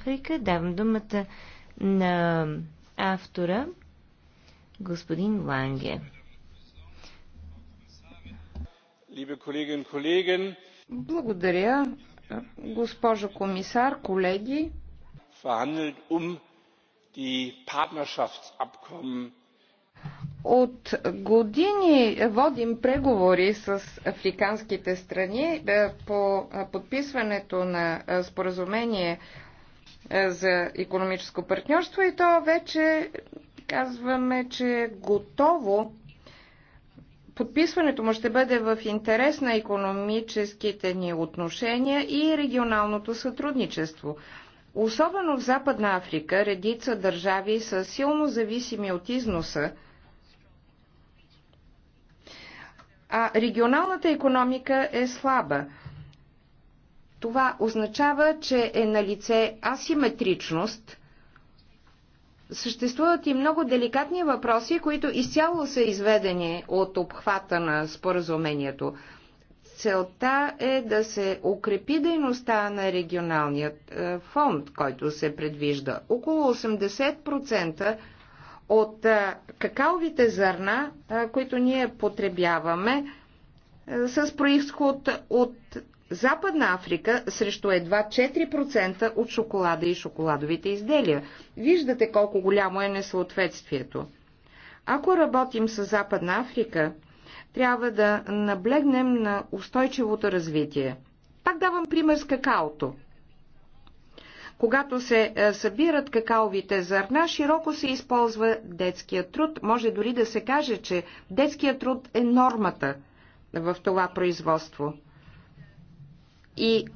Африка. Давам думата на автора, господин Ланге. Благодаря, госпожо комисар, колеги. Um От години водим преговори с африканските страни е, по подписването на е, споразумение е, за економическо партньорство и то вече казваме, че е готово. Подписването му ще бъде в интерес на економическите ни отношения и регионалното сътрудничество. Особено в Западна Африка редица държави са силно зависими от износа, а регионалната економика е слаба. Това означава, че е на лице асиметричност. Съществуват и много деликатни въпроси, които изцяло са изведени от обхвата на споразумението. Целта е да се укрепи дейността на регионалният е, фонд, който се предвижда. Около 80% от е, какаовите зърна, е, които ние потребяваме, с происход от Западна Африка срещу едва 4% от шоколада и шоколадовите изделия. Виждате колко голямо е несъответствието. Ако работим с Западна Африка, трябва да наблегнем на устойчивото развитие. Пак давам пример с какаото. Когато се е, събират какаовите зърна, широко се използва детския труд. Може дори да се каже, че детският труд е нормата в това производство – и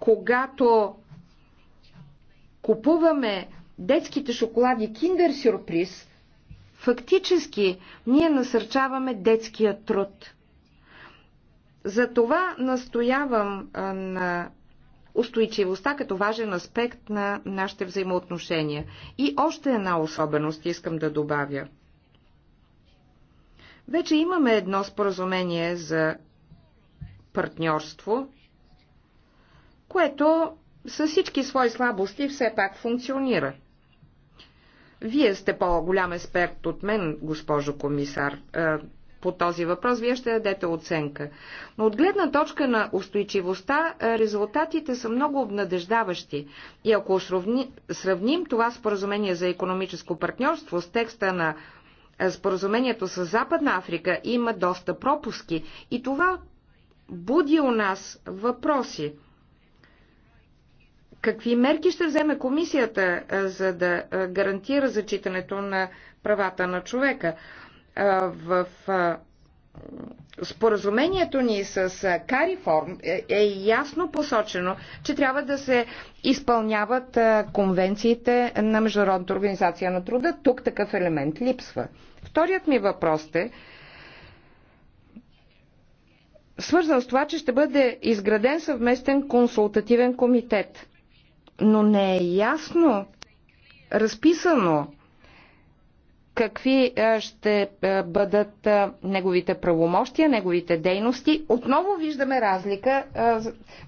когато купуваме детските шоколади Kinder Surprise, фактически ние насърчаваме детския труд. Затова настоявам на устойчивостта като важен аспект на нашите взаимоотношения. И още една особеност искам да добавя. Вече имаме едно споразумение за партньорство което със всички свои слабости все пак функционира. Вие сте по-голям експерт от мен, госпожо комисар. Е, по този въпрос вие ще дадете оценка. Но от гледна точка на устойчивостта, е, резултатите са много обнадеждаващи. И ако сравни, сравним това споразумение за економическо партньорство с текста на е, споразумението с Западна Африка, има доста пропуски. И това буди у нас въпроси Какви мерки ще вземе комисията, за да гарантира зачитането на правата на човека? В споразумението ни с Кариформ е, е ясно посочено, че трябва да се изпълняват конвенциите на Международната организация на труда. Тук такъв елемент липсва. Вторият ми въпрос е, свързан с това, че ще бъде изграден съвместен консултативен комитет но не е ясно разписано какви ще бъдат неговите правомощия, неговите дейности. Отново виждаме разлика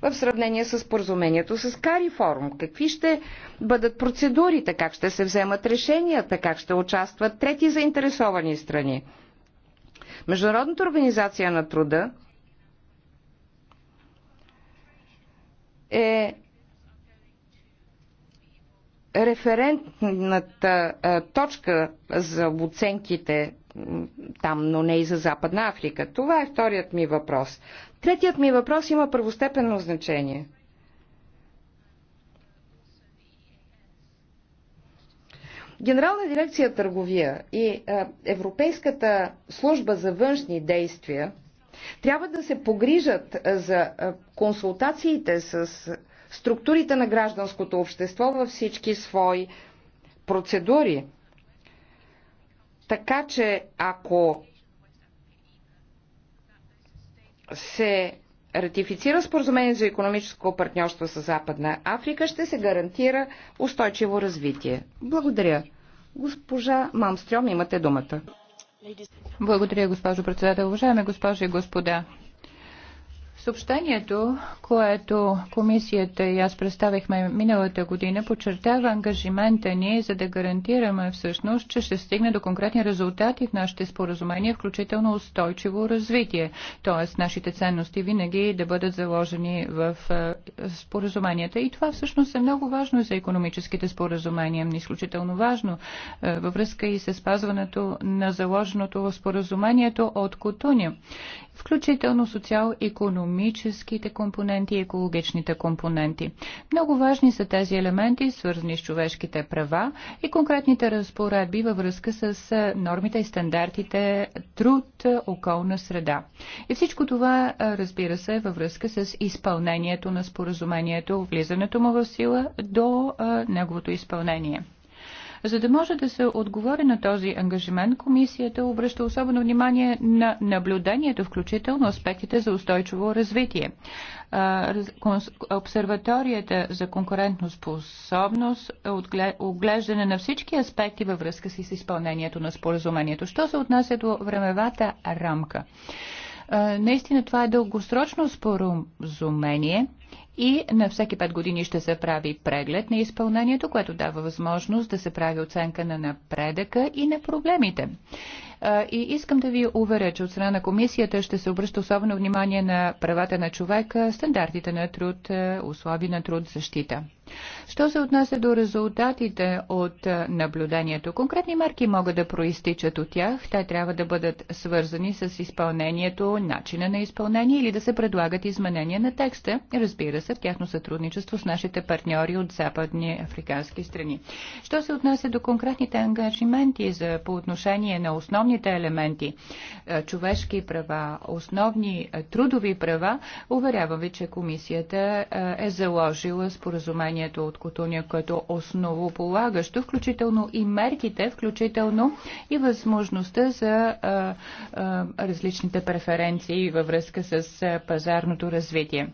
в сравнение с поразумението с Кариформ. Какви ще бъдат процедурите, как ще се вземат решенията, как ще участват трети заинтересовани страни. Международната организация на труда е референтната точка за оценките там, но не и за Западна Африка. Това е вторият ми въпрос. Третият ми въпрос има първостепенно значение. Генерална дирекция търговия и Европейската служба за външни действия трябва да се погрижат за консултациите с структурите на гражданското общество във всички свои процедури. Така че ако се ратифицира споразумение за економическо партньорство с Западна Африка, ще се гарантира устойчиво развитие. Благодаря. Госпожа Мамстрем, имате думата. Благодаря, госпожо председател. Уважаеми госпожи и господа, Съобщението, което комисията и аз представихме миналата година, подчертава ангажимента ни, за да гарантираме всъщност, че ще стигне до конкретни резултати в нашите споразумения, включително устойчиво развитие. Тоест, нашите ценности винаги да бъдат заложени в е, споразуменията. И това всъщност е много важно за економическите споразумения. Ами, изключително важно е, във връзка и с спазването на заложеното в споразумението от Котуня, включително социал-економически химическите компоненти и екологичните компоненти. Много важни са тези елементи, свързани с човешките права и конкретните разпоредби във връзка с нормите и стандартите труд, околна среда. И всичко това, разбира се, във връзка с изпълнението на споразумението, влизането му в сила до неговото изпълнение. За да може да се отговори на този ангажимент, комисията обръща особено внимание на наблюдението, включително аспектите за устойчиво развитие. Обсерваторията за конкурентно способност оглеждане на всички аспекти във връзка си с изпълнението на споразумението. Що се отнася до времевата рамка? Наистина това е дългосрочно споразумение и на всеки 5 години ще се прави преглед на изпълнението, което дава възможност да се прави оценка на напредъка и на проблемите. И искам да ви уверя, че от страна на комисията ще се обръща особено внимание на правата на човека, стандартите на труд, е, условия на труд, защита. Що се отнася до резултатите от е, наблюдението? Конкретни марки могат да проистичат от тях. Те трябва да бъдат свързани с изпълнението, начина на изпълнение или да се предлагат изменения на текста, разбира се търсят тяхно сътрудничество с нашите партньори от западни африкански страни. Що се отнася до конкретните ангажименти за, по отношение на основните елементи, е, човешки права, основни е, трудови права, уверявам ви, че комисията е, е заложила споразумението от Котуния като основополагащо, включително и мерките, включително и възможността за а, а, различните преференции във връзка с пазарното развитие.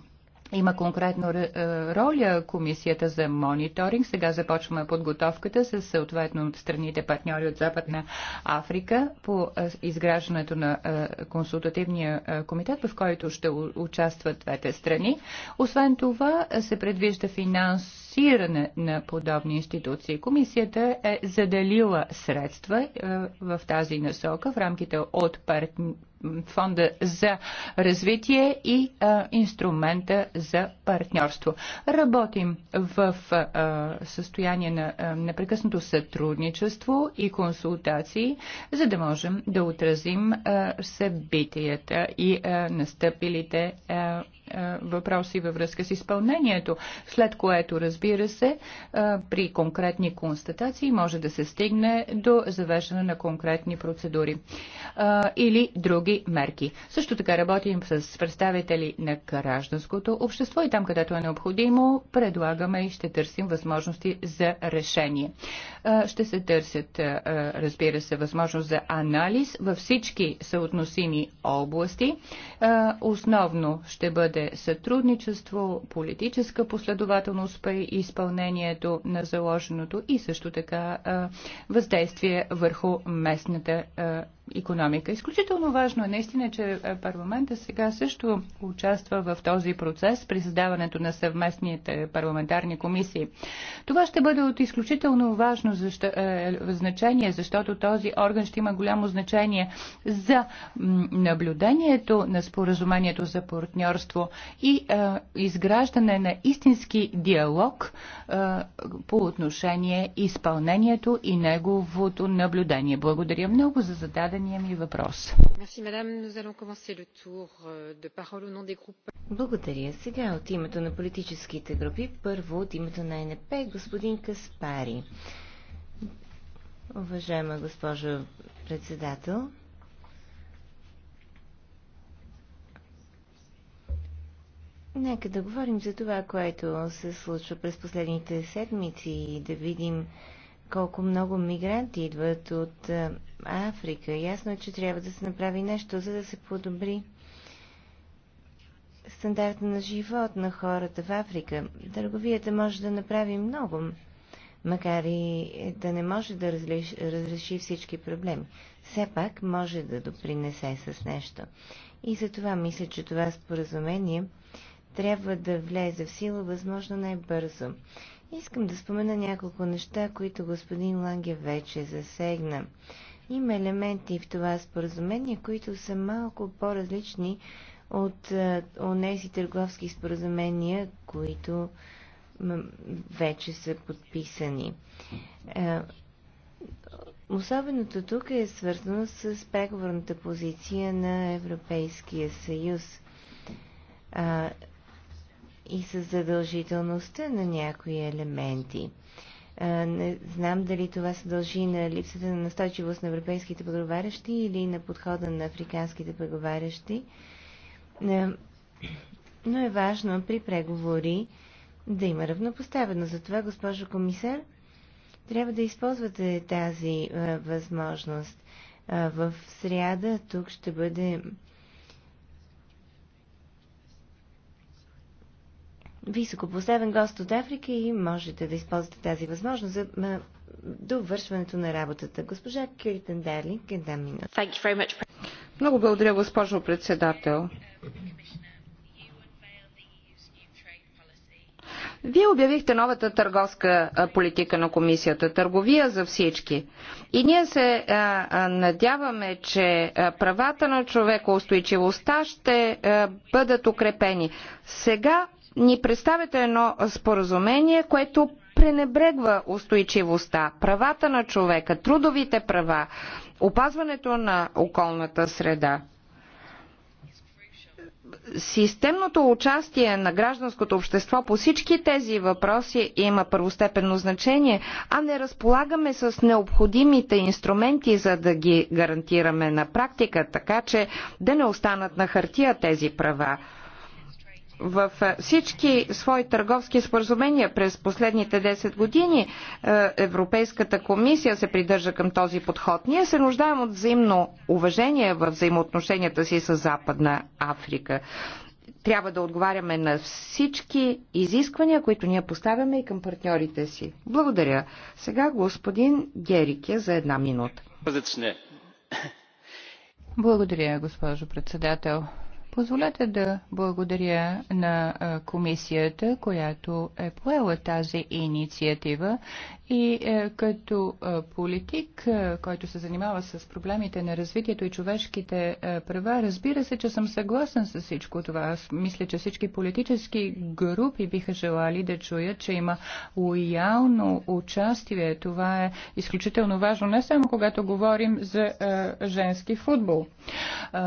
Има конкретно е, роля комисията за мониторинг. Сега започваме подготовката с съответно от страните партньори от Западна Африка по е, изграждането на е, консултативния комитет, в който ще участват двете страни. Освен това се предвижда финансиране на подобни институции. Комисията е заделила средства в тази насока в рамките от партньори фонда за развитие и а, инструмента за партньорство. Работим в а, състояние на а, непрекъснато сътрудничество и консултации, за да можем да отразим а, събитията и а, настъпилите а, въпроси във връзка с изпълнението, след което, разбира се, при конкретни констатации може да се стигне до завеждане на конкретни процедури или други други мерки. Също така работим с представители на гражданското общество и там, където е необходимо, предлагаме и ще търсим възможности за решение. Ще се търсят, разбира се, възможност за анализ във всички съотносими области. Основно ще бъде сътрудничество, политическа последователност при изпълнението на заложеното и също така въздействие върху местната економика. Изключително важно е наистина, че е, парламента сега също участва в този процес при създаването на съвместните парламентарни комисии. Това ще бъде от изключително важно защо, е, значение, защото този орган ще има голямо значение за наблюдението на споразумението за партньорство и е, изграждане на истински диалог е, по отношение изпълнението и неговото наблюдение. Благодаря много за зададен ми въпрос. Euh, Благодаря. Сега от името на политическите групи, първо от името на НП, господин Каспари. Уважаема госпожа председател, Нека да говорим за това, което се случва през последните седмици и да видим колко много мигранти идват от е, Африка. Ясно е, че трябва да се направи нещо, за да се подобри стандарта на живот на хората в Африка. Търговията може да направи много, макар и да не може да разреши, разреши всички проблеми. Все пак може да допринесе с нещо. И за това мисля, че това споразумение трябва да влезе в сила възможно най-бързо. Искам да спомена няколко неща, които господин Ланге вече засегна. Има елементи в това споразумение, които са малко по-различни от е, онези търговски споразумения, които вече са подписани. Е, особеното тук е свързано с преговорната позиция на Европейския съюз и с задължителността на някои елементи. Не знам дали това се дължи на липсата на настойчивост на европейските преговарящи или на подхода на африканските преговарящи, но е важно при преговори да има равнопоставено. Затова, госпожо комисар, трябва да използвате тази възможност. в сряда тук ще бъде високопоставен гост от Африка и можете да използвате тази възможност за довършването на работата. Госпожа Киритен Дарлинг, една минута. Много благодаря, госпожо председател. Вие обявихте новата търговска политика на комисията търговия за всички. И ние се надяваме, че правата на човека, устойчивостта ще бъдат укрепени. Сега ни представяте едно споразумение, което пренебрегва устойчивостта, правата на човека, трудовите права, опазването на околната среда. Системното участие на гражданското общество по всички тези въпроси има първостепенно значение, а не разполагаме с необходимите инструменти, за да ги гарантираме на практика, така че да не останат на хартия тези права в всички свои търговски споразумения през последните 10 години Европейската комисия се придържа към този подход. Ние се нуждаем от взаимно уважение в взаимоотношенията си с Западна Африка. Трябва да отговаряме на всички изисквания, които ние поставяме и към партньорите си. Благодаря. Сега господин Герике за една минута. Благодаря, госпожо председател. Позволете да благодаря на комисията, която е поела тази инициатива и е, като е, политик, е, който се занимава с проблемите на развитието и човешките е, права, разбира се, че съм съгласен с всичко това. Аз мисля, че всички политически групи биха желали да чуят, че има лоялно участие. Това е изключително важно, не само когато говорим за е, женски футбол. Е,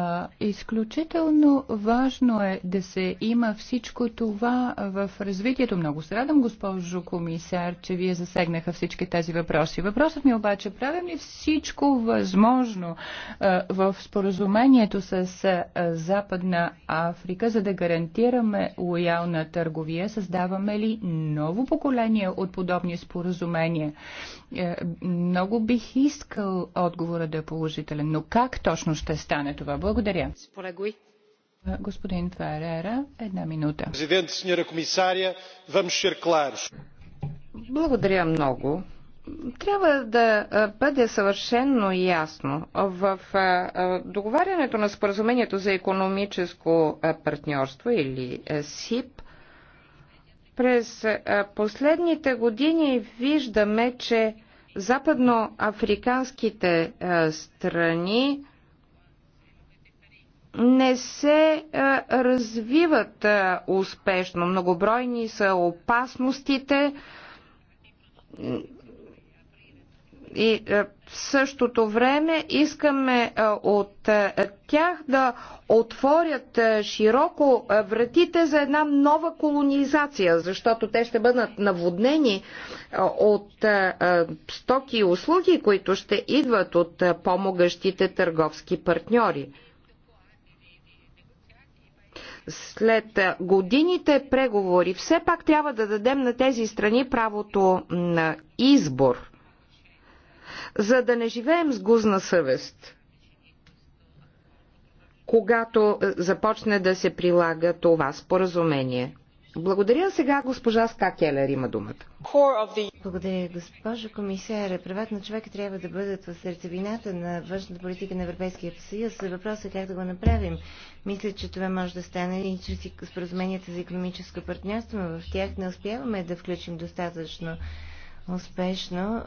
изключително важно е да се има всичко това в развитието. Много се радвам, госпожо комисар, че вие засегнаха всички тези въпроси. Въпросът ми обаче, правим ли всичко възможно в споразумението с Западна Африка, за да гарантираме лоялна търговия? Създаваме ли ново поколение от подобни споразумения? Е, много бих искал отговора да е положителен, но как точно ще стане това? Благодаря. Господин Ферера, една минута. Президент, сеньора комисария, vamos ser claros. Благодаря много. Трябва да бъде съвършенно ясно. В договарянето на споразумението за економическо партньорство или СИП през последните години виждаме, че западноафриканските страни не се развиват успешно. Многобройни са опасностите, и е, в същото време искаме е, от е, тях да отворят широко вратите за една нова колонизация, защото те ще бъдат наводнени от стоки и услуги, които ще идват от помогащите търговски партньори. След годините преговори все пак трябва да дадем на тези страни правото на избор, за да не живеем с гузна съвест, когато е, започне да се прилага това споразумение. Благодаря. Сега госпожа Ска Келер има думата. Благодаря, госпожо комисар. Е правата на човека трябва да бъдат в сърцевината на външната политика на Европейския съюз. Въпросът е как да го направим. Мисля, че това може да стане и чрез споразуменията за економическо партньорство, но в тях не успяваме да включим достатъчно успешно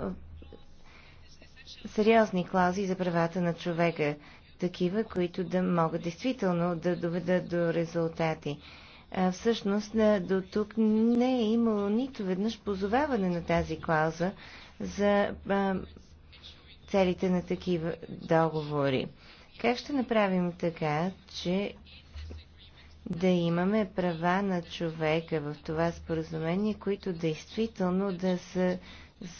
сериозни клаузи за правата на човека. Такива, които да могат действително да доведат до резултати всъщност до тук не е имало нито веднъж позоваване на тази клауза за целите на такива договори. Как ще направим така, че да имаме права на човека в това споразумение, които действително да са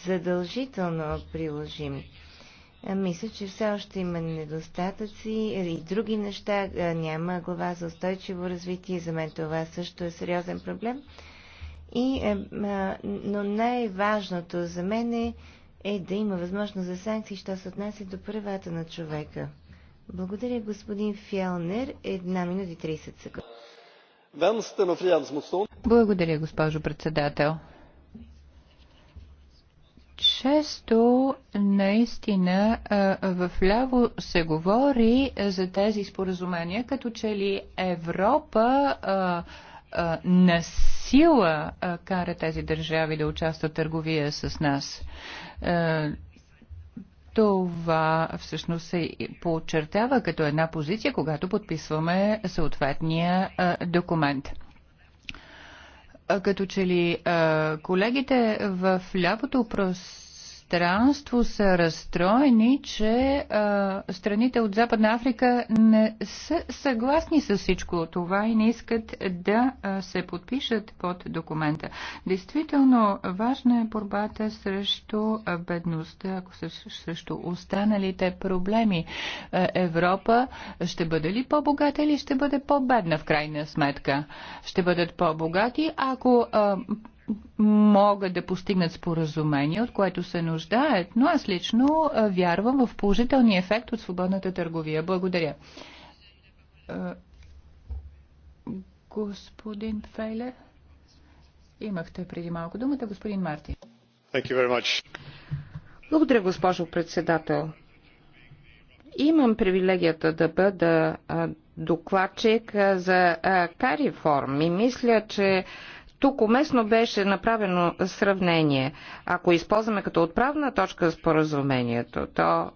задължително приложими? Мисля, че все още има недостатъци и други неща. Няма глава за устойчиво развитие. За мен това също е сериозен проблем. И, но най-важното за мен е, е да има възможност за санкции, що се отнася до правата на човека. Благодаря, господин Фелнер. Една минута и 30 секунди. Благодаря, госпожо председател. Често наистина в ляво се говори за тези споразумения, като че ли Европа на сила кара тези държави да участват в търговия с нас. Това всъщност се подчертава като една позиция, когато подписваме съответния документ като че ли колегите в лявото прос пространство са разстроени, че а, страните от Западна Африка не са съгласни с всичко това и не искат да а, се подпишат под документа. Действително важна е борбата срещу бедността, ако срещу останалите проблеми. Европа ще бъде ли по-богата или ще бъде по-бедна в крайна сметка? Ще бъдат по-богати, ако а, могат да постигнат споразумение, от което се нуждаят, но аз лично вярвам в положителния ефект от свободната търговия. Благодаря. Господин Фейле, имахте преди малко думата. Господин Марти. Благодаря, госпожо председател. Имам привилегията да бъда докладчик за Кариформ и мисля, че тук уместно беше направено сравнение. Ако използваме като отправна точка споразумението, то е,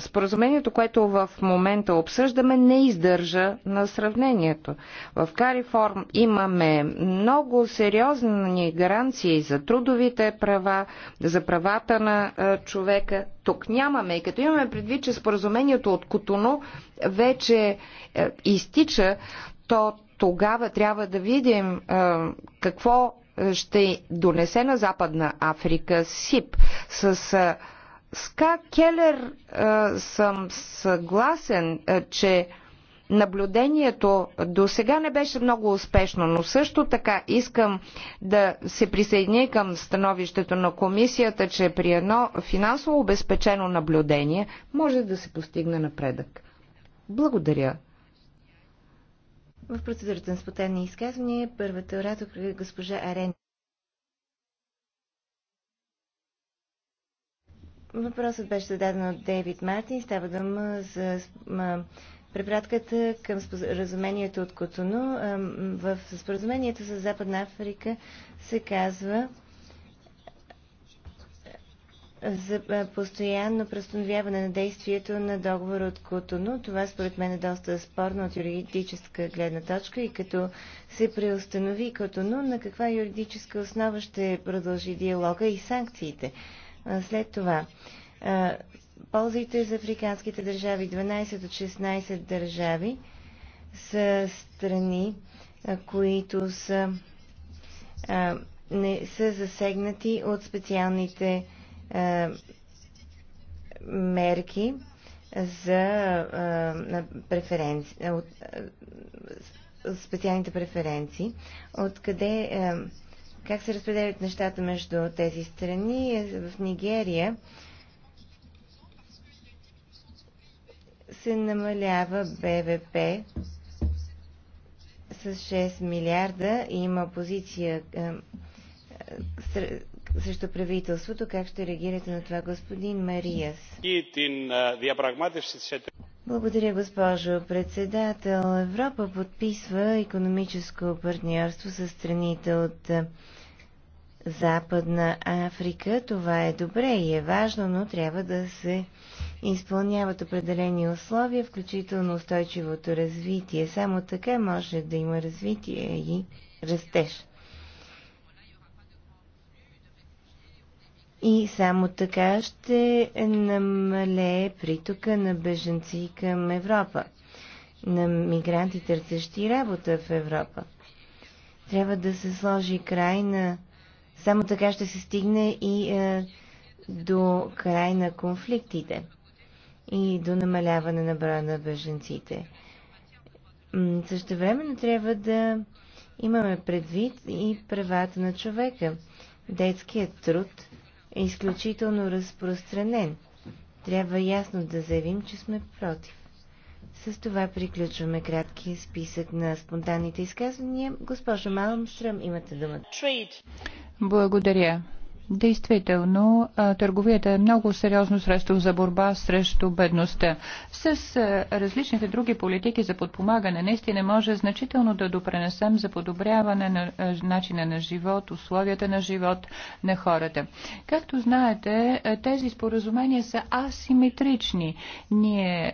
споразумението, което в момента обсъждаме, не издържа на сравнението. В Кариформ имаме много сериозни гаранции за трудовите права, за правата на е, човека. Тук нямаме. И като имаме предвид, че споразумението от Котоно вече е, изтича, то тогава трябва да видим какво ще донесе на Западна Африка СИП. С Ска Келер съм съгласен, че наблюдението до сега не беше много успешно, но също така искам да се присъединя към становището на комисията, че при едно финансово обезпечено наблюдение може да се постигне напредък. Благодаря. В процедурата на спотенни изказвания първата оратор е госпожа Арен. Въпросът беше зададен от Дейвид Мартин. Става дума за препратката към споразумението от Котону. В споразумението с Западна Африка се казва, за постоянно престановяване на действието на договора от Котоно. Това според мен е доста спорно от юридическа гледна точка и като се преустанови Котоно, на каква юридическа основа ще продължи диалога и санкциите. След това, ползите за африканските държави, 12 от 16 държави са страни, които са, не са засегнати от специалните е, мерки за е, преференци... Е, от... специалните преференции, откъде как се разпределят нещата между тези страни. В Нигерия се намалява БВП с 6 милиарда и има позиция срещу правителството. Как ще реагирате на това, господин Мариас? Благодаря, госпожо председател. Европа подписва економическо партньорство с страните от е, Западна Африка. Това е добре и е важно, но трябва да се изпълняват определени условия, включително устойчивото развитие. Само така може да има развитие и растеж. И само така ще намалее притока на беженци към Европа, на мигранти търсещи работа в Европа. Трябва да се сложи край на... Само така ще се стигне и е, до край на конфликтите и до намаляване на броя на беженците. Също времено трябва да имаме предвид и правата на човека. Детският труд – е изключително разпространен. Трябва ясно да заявим, че сме против. С това приключваме краткия списък на спонтанните изказвания. Госпожо Малмстръм, имате думата. Благодаря. Действително, търговията е много сериозно средство за борба срещу бедността. С различните други политики за подпомагане наистина може значително да допренесем за подобряване на начина на живот, условията на живот на хората. Както знаете, тези споразумения са асиметрични. Ние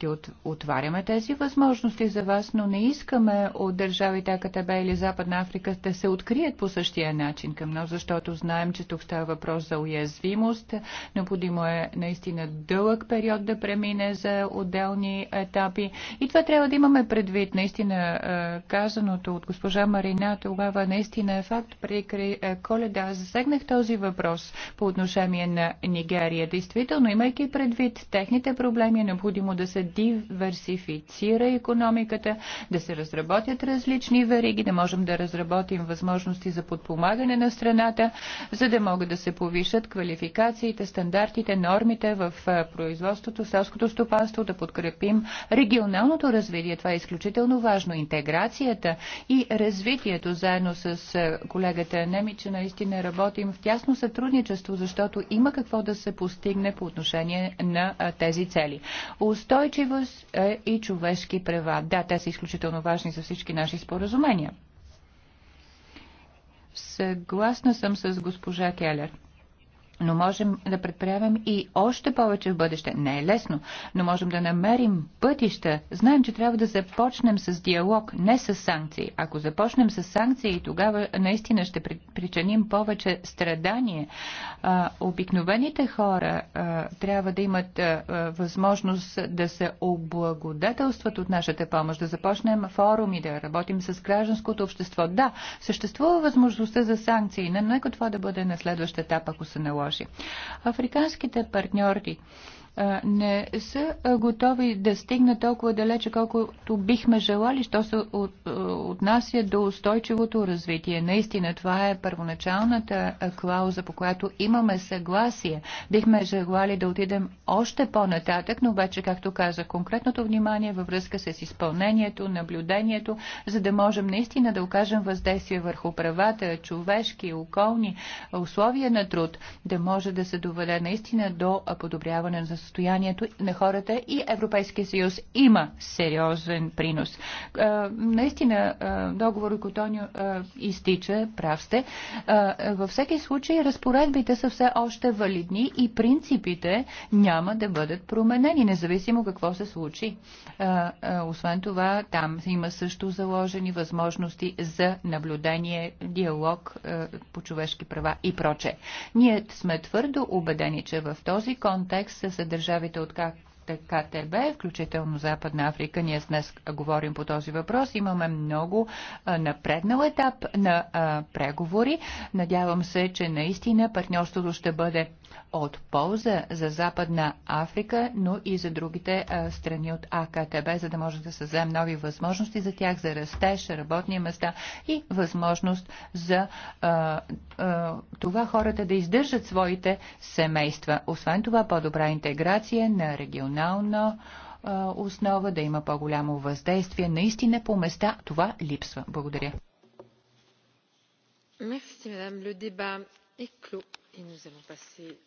ги отваряме тези възможности за вас, но не искаме от държавите АКТБ или Западна Африка да се открият по същия начин към нас, защото знаем, че това тук става въпрос за уязвимост. Необходимо е наистина дълъг период да премине за отделни етапи. И това трябва да имаме предвид. Наистина е, казаното от госпожа Марина тогава наистина е факт. При е, коледа засегнах този въпрос по отношение на Нигерия. Действително, имайки предвид техните проблеми, е необходимо да се диверсифицира економиката, да се разработят различни вериги, да можем да разработим възможности за подпомагане на страната, за да могат да се повишат квалификациите, стандартите, нормите в производството, селското стопанство, да подкрепим регионалното развитие. Това е изключително важно. Интеграцията и развитието заедно с колегата Неми, че наистина работим в тясно сътрудничество, защото има какво да се постигне по отношение на тези цели. Устойчивост и човешки права. Да, те са изключително важни за всички наши споразумения. Съгласна съм с госпожа Келер но можем да предприемем и още повече в бъдеще. Не е лесно, но можем да намерим пътища. Знаем, че трябва да започнем с диалог, не с санкции. Ако започнем с санкции, тогава наистина ще причиним повече страдание. А, обикновените хора а, трябва да имат а, възможност да се облагодателстват от нашата помощ, да започнем форуми, да работим с гражданското общество. Да, съществува възможността за санкции, но нека това да бъде на следващ етап, ако се наложи приложи. Африканските партньори не са готови да стигнат толкова далече, колкото бихме желали, що се отнася до устойчивото развитие. Наистина, това е първоначалната клауза, по която имаме съгласие. Бихме желали да отидем още по-нататък, но вече, както казах, конкретното внимание във връзка с изпълнението, наблюдението, за да можем наистина да окажем въздействие върху правата, човешки, околни условия на труд, да може да се доведе наистина до подобряване на състоянието на хората и Европейския съюз има сериозен принос. Е, наистина, е, договор Котонио е, изтича, прав сте. Във всеки случай, разпоредбите са все още валидни и принципите няма да бъдат променени, независимо какво се случи. Освен това, там има също заложени възможности за наблюдение, диалог по човешки права и проче. Ние сме твърдо убедени, че в този контекст се съдържа държавите, откак, КТБ, включително Западна Африка. Ние днес говорим по този въпрос. Имаме много напреднал етап на преговори. Надявам се, че наистина партньорството ще бъде от полза за Западна Африка, но и за другите страни от АКТБ, за да може да създадем нови възможности за тях, за растеж, работни места и възможност за а, а, това хората да издържат своите семейства. Освен това, по-добра интеграция на регионалните регионална основа, да има по-голямо въздействие. Наистина по места това липсва. Благодаря. Merci, madame. Le débat est clos et nous allons passer